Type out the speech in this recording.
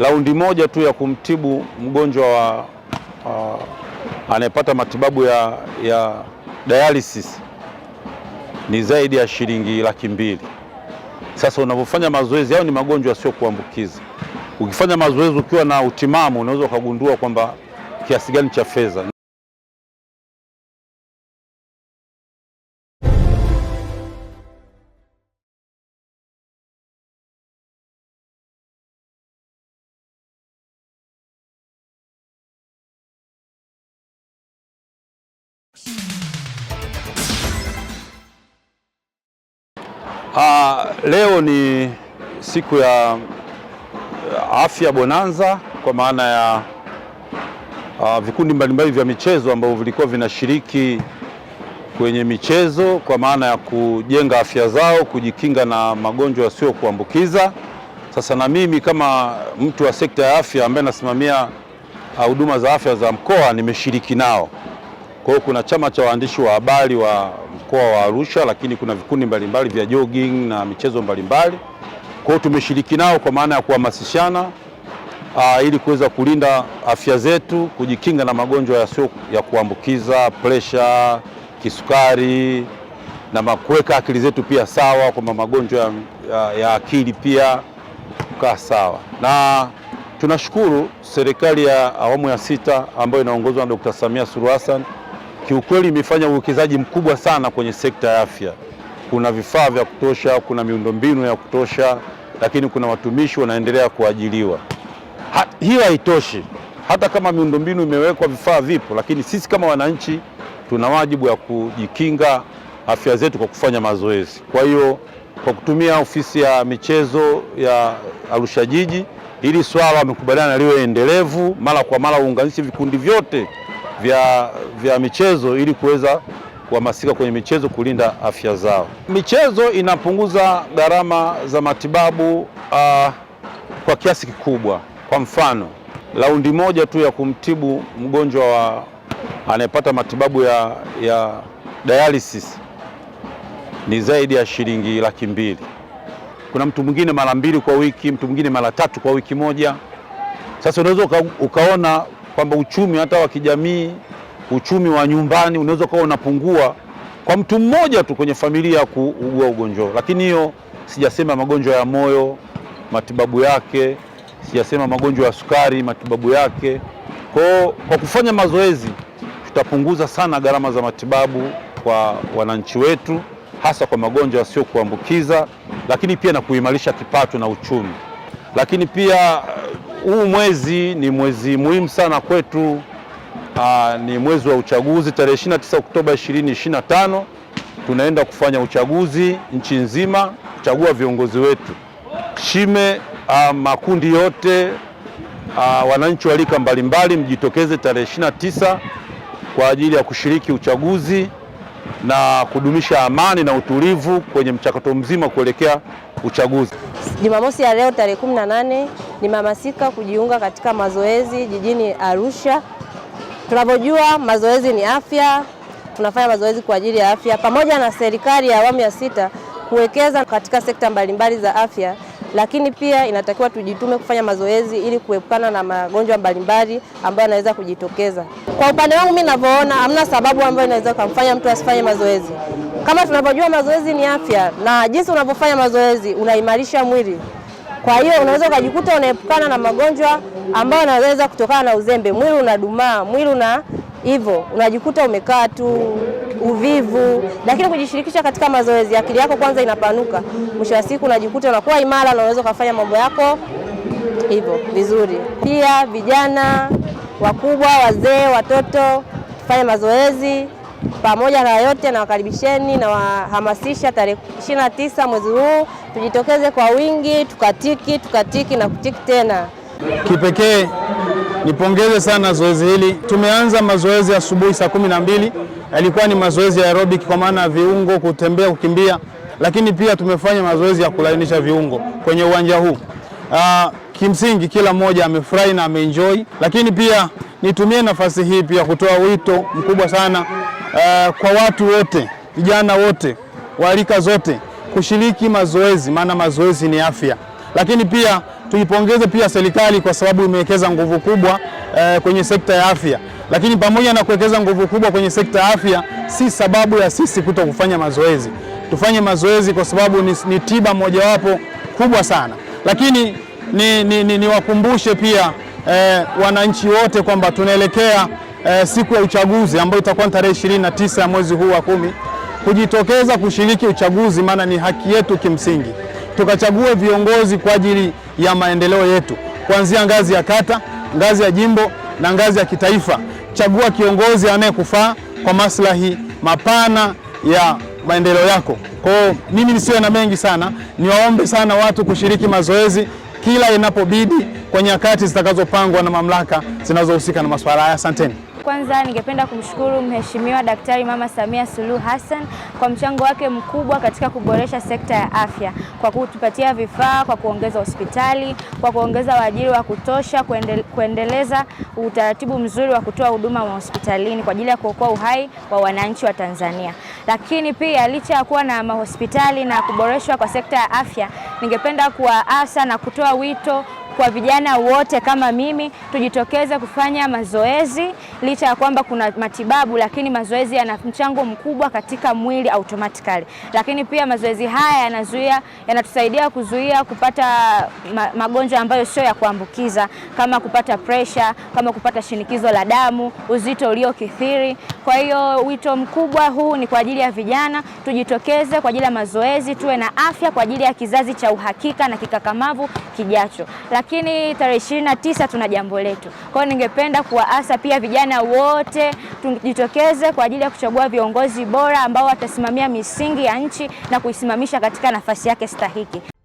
Raundi moja tu ya kumtibu mgonjwa wa uh, anayepata matibabu ya, ya dialysis ni zaidi ya shilingi laki mbili. Sasa unavyofanya mazoezi, hayo ni magonjwa sio kuambukiza. Ukifanya mazoezi ukiwa na utimamu, unaweza ukagundua kwamba kiasi gani cha fedha Ha, ah, leo ni siku ya eh, afya bonanza kwa maana ya uh, vikundi mbalimbali vya michezo ambavyo vilikuwa vinashiriki kwenye michezo kwa maana ya kujenga afya zao, kujikinga na magonjwa kuambukiza. Sasa na mimi kama mtu wa sekta ya afya ambaye nasimamia ah, huduma uh, za afya za mkoa nimeshiriki nao. Kwa hiyo kuna chama cha waandishi wa habari wa mkoa wa Arusha, lakini kuna vikundi mbalimbali vya jogging na michezo mbalimbali. Kwa hiyo tumeshiriki nao kwa maana ya kuhamasishana ah, ili kuweza kulinda afya zetu, kujikinga na magonjwa yasiyo ya kuambukiza, presha, kisukari na kuweka akili zetu pia sawa, kwamba magonjwa ya, ya, ya akili pia kukaa sawa. Na tunashukuru serikali ya awamu ya sita ambayo inaongozwa na Dr. Samia Suluhu Hassan kiukweli imefanya uwekezaji mkubwa sana kwenye sekta ya afya. Kuna vifaa vya kutosha, kuna miundombinu ya kutosha, lakini kuna watumishi wanaendelea kuajiliwa. Ha, hiyo haitoshi. Hata kama miundombinu imewekwa, vifaa vipo, lakini sisi kama wananchi tuna wajibu ya kujikinga afya zetu kwa kufanya mazoezi. Kwa hiyo kwa kutumia ofisi ya michezo ya Arusha Jiji, hili swala wamekubaliana liwe endelevu, mara kwa mara uunganishe vikundi vyote vya, vya michezo ili kuweza kuhamasika kwenye michezo kulinda afya zao. Michezo inapunguza gharama za matibabu uh, kwa kiasi kikubwa. Kwa mfano, raundi moja tu ya kumtibu mgonjwa wa anayepata matibabu ya, ya dialysis ni zaidi ya shilingi laki mbili. Kuna mtu mwingine mara mbili kwa wiki, mtu mwingine mara tatu kwa wiki moja. Sasa unaweza uka, ukaona kwamba uchumi hata wa kijamii, uchumi wa nyumbani unaweza ukawa unapungua kwa mtu mmoja tu kwenye familia kuugua ugonjwa, lakini hiyo sijasema magonjwa ya moyo matibabu yake, sijasema magonjwa ya sukari matibabu yake. Kwa kwa kufanya mazoezi tutapunguza sana gharama za matibabu kwa wananchi wetu, hasa kwa magonjwa yasiyokuambukiza kuambukiza, lakini pia na kuimarisha kipato na uchumi. Lakini pia huu mwezi ni mwezi muhimu sana kwetu. Aa, ah, ni mwezi wa uchaguzi tarehe 29 Oktoba 2025 tunaenda kufanya uchaguzi nchi nzima kuchagua viongozi wetu shime aa, ah, makundi yote aa, ah, wananchi wa mbalimbali mjitokeze tarehe 29 kwa ajili ya kushiriki uchaguzi na kudumisha amani na utulivu kwenye mchakato mzima kuelekea uchaguzi. Jumamosi ya leo tarehe 18 nimehamasika kujiunga katika mazoezi jijini Arusha. Tunavyojua mazoezi ni afya, tunafanya mazoezi kwa ajili ya afya, pamoja na serikali ya awamu ya sita kuwekeza katika sekta mbalimbali za afya, lakini pia inatakiwa tujitume kufanya mazoezi ili kuepukana na magonjwa mbalimbali ambayo yanaweza kujitokeza. Kwa upande wangu mimi ninavyoona, hamna sababu ambayo inaweza kumfanya mtu asifanye mazoezi. Kama tunavyojua mazoezi ni afya, na jinsi unavyofanya mazoezi unaimarisha mwili kwa hiyo unaweza ukajikuta unaepukana na magonjwa ambayo yanaweza kutokana na uzembe. Mwili unadumaa, mwili una hivyo unajikuta umekaa tu, uvivu. Lakini kujishirikisha katika mazoezi, akili yako kwanza inapanuka, mwisho wa siku unajikuta unakuwa imara na unaweza ukafanya mambo yako hivyo vizuri. Pia vijana, wakubwa, wazee, watoto, tufanye mazoezi. Pamoja na yote, nawakaribisheni nawahamasisha tarehe ishirini mwezi huu tujitokeze kwa wingi, tukatiki tukatiki na kutiki tena. Kipekee nipongeze sana zoezi hili. Tumeanza mazoezi asubuhi saa kumi na mbili, yalikuwa ni mazoezi ya aerobic kwa maana ya viungo, kutembea, kukimbia, lakini pia tumefanya mazoezi ya kulainisha viungo kwenye uwanja huu. Uh, kimsingi kila mmoja amefurahi na ameenjoy, lakini pia nitumie nafasi hii pia kutoa wito mkubwa sana uh, kwa watu wote, vijana wote walika zote kushiriki mazoezi, maana mazoezi ni afya. Lakini pia tuipongeze pia serikali kwa sababu imewekeza nguvu kubwa uh, kwenye sekta ya afya. Lakini pamoja na kuwekeza nguvu kubwa kwenye sekta ya afya, si sababu ya sisi kuto kufanya mazoezi. Tufanye mazoezi kwa sababu ni, ni tiba mojawapo kubwa sana. Lakini niwakumbushe ni, ni, ni pia eh, wananchi wote kwamba tunaelekea eh, siku ya uchaguzi ambayo itakuwa tarehe ishirini na tisa ya mwezi huu wa kumi kujitokeza kushiriki uchaguzi, maana ni haki yetu kimsingi, tukachague viongozi kwa ajili ya maendeleo yetu, kuanzia ngazi ya kata, ngazi ya jimbo na ngazi ya kitaifa. Chagua kiongozi anayekufaa kwa maslahi mapana ya maendeleo yako. Kwa mimi nisiwe na mengi sana, niwaombe sana watu kushiriki mazoezi kila inapobidi kwa nyakati zitakazopangwa na mamlaka zinazohusika na masuala haya. Asanteni kwanza ningependa kumshukuru Mheshimiwa Daktari Mama Samia Suluhu Hassan kwa mchango wake mkubwa katika kuboresha sekta ya afya kwa kutupatia vifaa, kwa kuongeza hospitali, kwa kuongeza waajiri wa kutosha, kuendeleza utaratibu mzuri wa kutoa huduma mahospitalini kwa ajili ya kuokoa uhai wa wananchi wa Tanzania. Lakini pia licha ya kuwa na mahospitali na kuboreshwa kwa sekta ya afya, ningependa kuwaasa na kutoa wito kwa vijana wote kama mimi, tujitokeze kufanya mazoezi. Licha ya kwamba kuna matibabu, lakini mazoezi yana mchango mkubwa katika mwili automatically, lakini pia mazoezi haya yanazuia, yanatusaidia kuzuia kupata magonjwa ambayo sio ya kuambukiza kama kupata pressure, kama kupata shinikizo la damu, uzito uliokithiri kwa hiyo wito mkubwa huu ni kwa ajili ya vijana, tujitokeze kwa ajili ya mazoezi, tuwe na afya kwa ajili ya kizazi cha uhakika na kikakamavu kijacho. Lakini tarehe ishirini na tisa tuna jambo letu. Kwa hiyo ningependa kuwaasa pia vijana wote tujitokeze kwa ajili ya kuchagua viongozi bora ambao watasimamia misingi ya nchi na kuisimamisha katika nafasi yake stahiki.